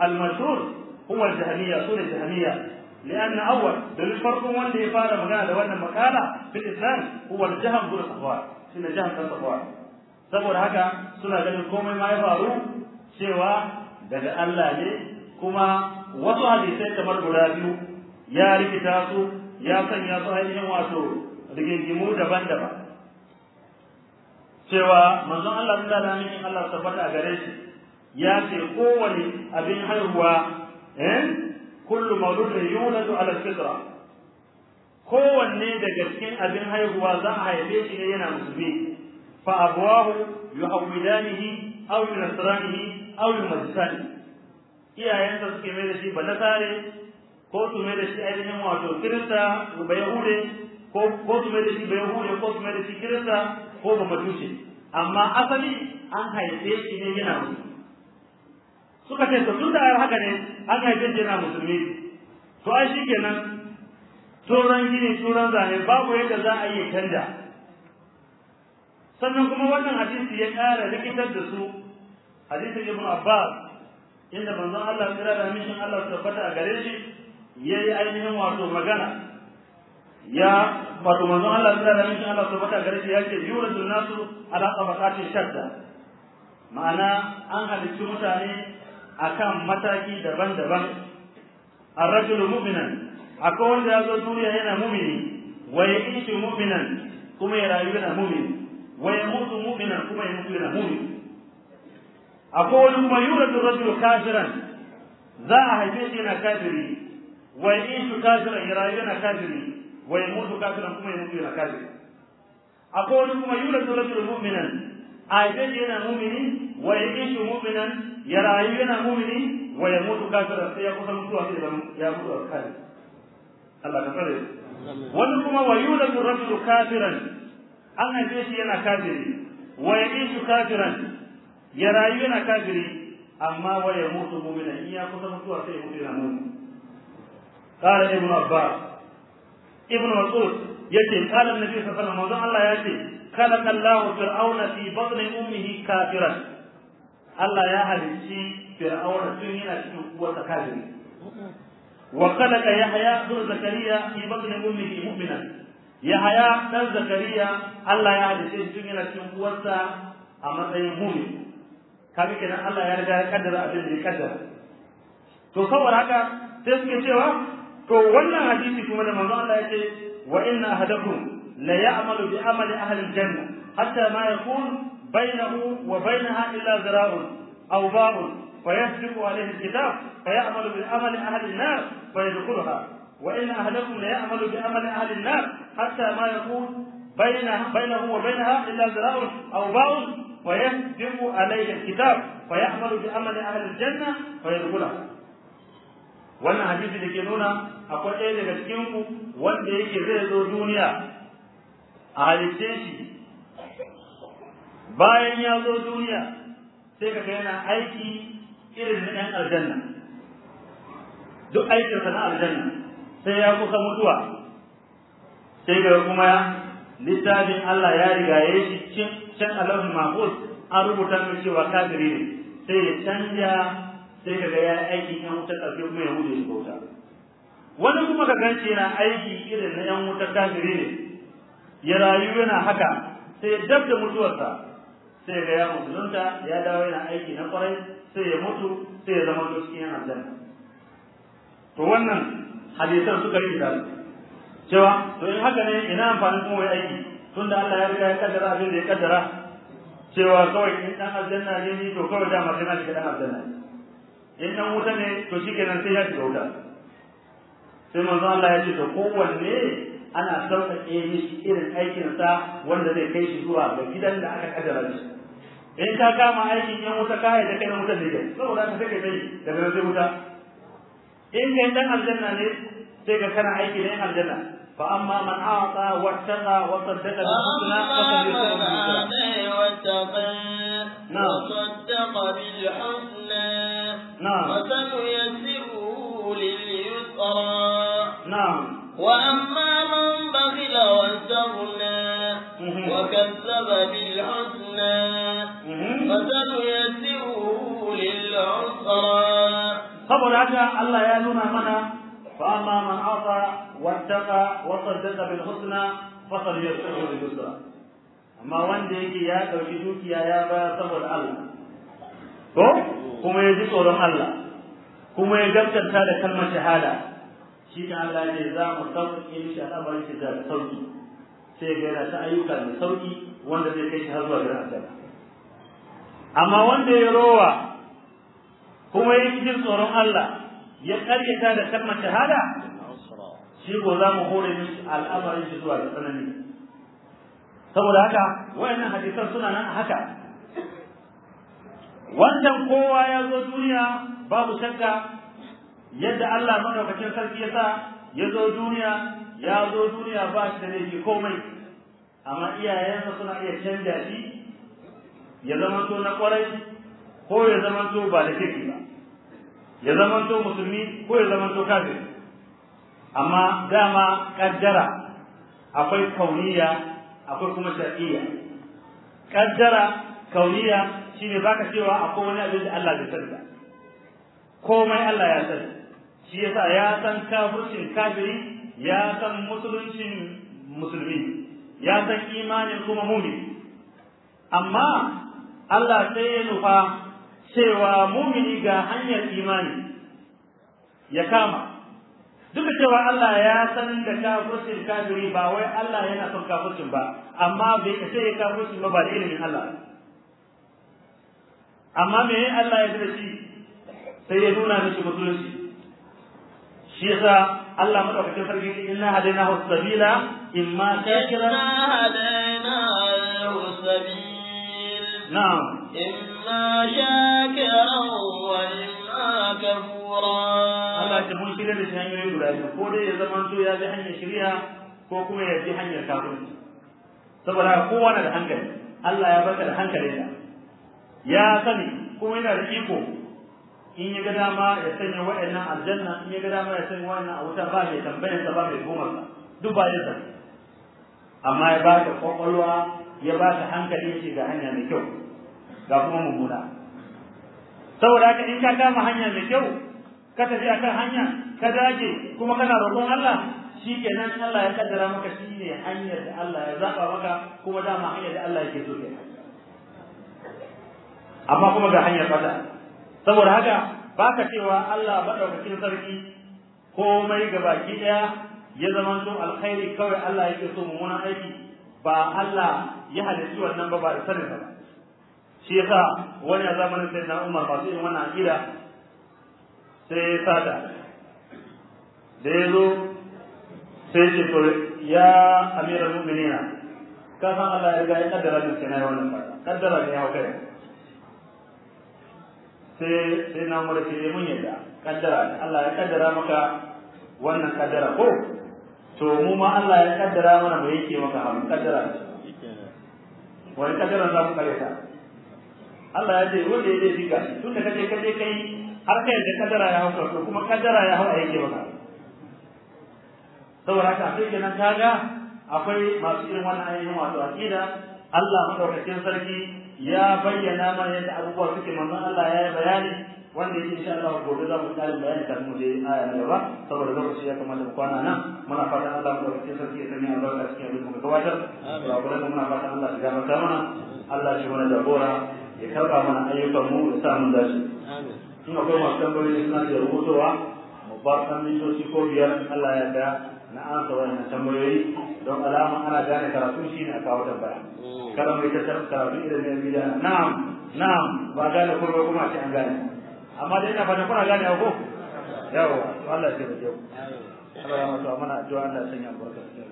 al-mashhur huwa al-jahmiyya sunan jahmiyya لأن أول دون الفرق وان دي فارا magana. وانا مقالة في الإسلام هو الجهم دون الصفوان سنة جهم دون الصفوان سبور هكا سنة جل الكومي ما يفارو سوى دقى الله جي كما wasu hadisai kamar guda biyu ya rikita su ya sanya su ainihin wato rigingimu daban-daban cewa manzon Allah sallallahu alaihi wasallam Allah tabbata a gare shi ya ce kowane abin haihuwa kullu mawlud yuladu ala fitra kowanne daga cikin abin haihuwa za a haife shi ne yana musulmi fa abuwahu yuhawwidanihi aw yunasranihi aw yumajisani iyayensa suke mai da shi ba ko su mai da shi ainihin wato kirista ba yahude ko ko su mai da shi ba ko su mai da shi kirista ko ba majushe amma asali an haife shi ne yana musulmi suka ce to tunda har haka ne an haife shi yana musulmi to ai shikenan turan gini turan zane babu yadda za a yi canja sannan kuma wannan hadisi ya ƙara rikitar da su hadisin ibn abbas inda manzon Allah kira da mishin Allah tabbata a gare shi yayi ainihin wato magana ya wato manzon Allah kira da mishin Allah tabbata a gare shi yake yura nasu ala tabaqati shadda ma'ana an halicci mutane akan mataki daban-daban ar-rajulu mu'minan akwai wanda yazo duniya yana mumini wa ya'ishu mu'minan kuma ya rayu yana mumini wa yamutu mu'minan kuma ya mutu yana mumini akwai wani kuma da rajulu kafiran za a haife shi yana kafiri wa ya'ishu kafiran ya rayu yana kafiri wa yamutu kafiran kuma ya mutu yana kafiri akwai wani kuma da rajulu mu'minan ayyukan yana mumini wa ya kin shi muminan ya rayu wa ya mutu kafira sai ya kusa mutuwa sai ya mutu a kare Allah ka tsare wani kuma wa yuna rajulu kafiran an haife shi yana kafiri wa ya kafiran ya rayu yana kafiri amma wa ya mutu muminan in ya kusa mutuwa sai ya mutu yana mumini قال ابن عباس ابن مسعود يتي قال النبي صلى الله عليه وسلم موضوع الله يتي خلق الله فرعون في بطن امه كافرا الله يا هلشي فرعون سنين cikin kuwata kafiri wa ka yahya ibn zakariya fi batni ummihi mu'mina yahya dan zakariya Allah ya halice shi yana cikin uwarsa a matsayin mu'min kaga kenan Allah ya riga ya kaddara abin da ya kaddara to saboda haka sai suke cewa to wannan hadisi kuma da manzo Allah ya ce wa inna ahadakum ليعمل بعمل أهل الجنة حتى ما يكون بينه وبينها إلا ذراع أو باء فيسبق عليه الكتاب فيعمل بعمل أهل النار فيدخلها وإن أهلكم ليعمل بعمل أهل النار حتى ما يكون بينه, بينه وبينها إلا ذراع أو باء فيسبق عليه الكتاب فيعمل بعمل أهل الجنة فيدخلها wannan hadisi da ke nuna akwai ɗaya daga cikinku wanda yake zai zo duniya a halitte shi bayan ya zo duniya sai ka yana aiki irin na 'yan aljanna duk aikinsa na aljanna sai ya kusa mutuwa sai ga kuma littafin Allah ya riga ya yi cin can alawun mahfuz an rubuta mai cewa kafiri ne sai ya canja sai ga ya aiki yan wutar ƙarfi kuma ya wuce shi bauta wani kuma ka ganci yana aiki irin na yan wutar kafiri ne ya rayu yana haka sai dab da mutuwarsa sai ga ya musulunta ya dawo yana aiki na kwarai sai ya mutu sai ya zama cikin aljanna to wannan hadisan suka yi da cewa to in haka ne ina amfani kuma wai aiki tunda Allah ya riga ya kaddara abin da ya kaddara cewa kawai in dan aljanna ne ni to kawai dama sai na shiga dan aljanna in dan wuta ne to shikenan sai ya shiga wuta sai manzo Allah ya ce to kowanne ana sauƙaƙe mishi irin aikinsa wanda zai kai shi zuwa ga gidan da aka kaddara shi in ka kama aikin yan wuta ka da kai na wuta zai saboda ka take sai daga nan sai wuta in kai dan aljanna ne sai ka kana aiki ne aljanna fa amma man a'ata wattaqa wa saddaqa bil husna fa saddaqa bil hasna na wa yasiru lil yusra na wa amma بخل واستغنى وكذب بالحسنى فسنيسره للعسرى طب العجاء الله يا لنا منا فأما من اعطى واتقى وصدق بالحسنى فسل يسره للعسرى ما wanda يا ya dauki dukiya ya baya saboda Allah ko kuma ya ji tsoron Allah kuma ya gaskata shi ka Allah ne za mu sauƙi shi al'amarin shi da sauƙi sai ga yana ta ayyuka da sauƙi wanda zai kai shi har zuwa ga aljanna amma wanda ya rowa kuma ya ji tsoron Allah ya karyata da kalmar shahada shi ko za mu hore mishi al'amarin shi zuwa ga tsanani saboda haka wayannan hadisan suna nan haka wannan kowa ya zo duniya babu shakka yadda Allah madaukakin sarki ya sa ya zo duniya ya zo duniya ba shi da laifi komai amma iyayensa suna iya canja shi ya zamanto na kwarai ko ya zamanto ba da kirki ba ya zamanto musulmi ko ya zamanto kafiri amma dama kaddara akwai kauniya akwai kuma shar'iyya kaddara kauniya shine baka cewa akwai wani abin da Allah bai sani ba komai Allah ya sani shi yasa ya san kafircin kafiri ya san musuluncin musulmi ya san imanin kuma mumin amma Allah sai ya nufa cewa mumini ga hanyar imani ya kama duk da cewa Allah ya san da kafircin kafiri ba wai Allah yana son kafircin ba amma bai kace ya kafircin ba ba da ilimin Allah amma me Allah ya da shi sai ya nuna mishi musulunci shi Allah madaukakin sarki inna hadaina hu sabila imma shakira na hadaina hu sabil na'am inna shakira wa inna kafura Allah ta mun shirya da shi hanyoyi guda biyu ko dai ya zama to ya ji hanyar shirya ko kuma ya ji hanyar kafirci saboda kowa na da hankali Allah ya baka da hankalinka ya sani kuma yana da iko in ya ga dama ya sanya wa'annan aljanna in ya ga dama ya sanya wa'annan a wuta ba mai tambayar sa ba mai ba duk ba yin amma ya ba ka kwakwalwa ya ba ka hankali shi ga hanya mai kyau ga kuma mummuna saboda haka in ka kama hanya mai kyau ka tafi akan hanya ka dage kuma kana roƙon Allah shi kenan Allah ya kaddara maka shi ne hanyar da Allah ya zaɓa maka kuma dama hanyar da Allah yake so amma kuma ga hanyar fada saboda haka ba ka cewa Allah maɗaukakin sarki komai ga baki ɗaya ya zama so alkhairi kawai Allah yake so mummunan aiki ba Allah ya halicci wannan ba ba da sanin ba shi yasa wani a zamanin sai na Umar ba su irin wannan aƙida sai ya sada da ya zo sai ce to ya amiral mu'minina ka san Allah ya riga ya kaddara da sai na yi wannan ba kaddara ne ya hau kai sai sai na mura sai mun yadda kaddara Allah ya kaddara maka wannan kaddara ko to mu ma Allah ya kaddara mana mu yake maka hannu. kaddara wani kaddara za mu kare ta Allah ya ce wanda ya je diga tun da kaje kaje kai har kai da kaddara ya hauka to kuma kaddara ya hauka yake maka saboda haka sai kenan kaga akwai masu irin wannan ayyukan wato akida Allah madaukakin sarki ya bayyana mana yadda abubuwa suke manzo Allah ya yi bayani wanda yake insha Allah gobe za mu tsari bayani kafin mu je aya na gaba saboda lokaci ya kamata mu kwana nan muna fatan Allah mu dauke sarki ya sanya albarka cikin abin da gabatar ba a muna fatan Allah ya gama mana Allah shi mana jagora ya karba mana ayyukan mu da samun mun amin in akwai masu tambayoyi suna da rubutowa mu ba kan mintoci ko biyar Allah ya da na ansa wannan tambayoyi don alama ana gane karatu shi ne a kawo tambaya hmm. kada mai ta karatu irin yan bida na'am na'am ba gane ko ba kuma sai an gane amma dai ina fatan kuna gane ko yawa Allah ya tabbata Allah ya masa mana addu'a Allah ya sanya albarka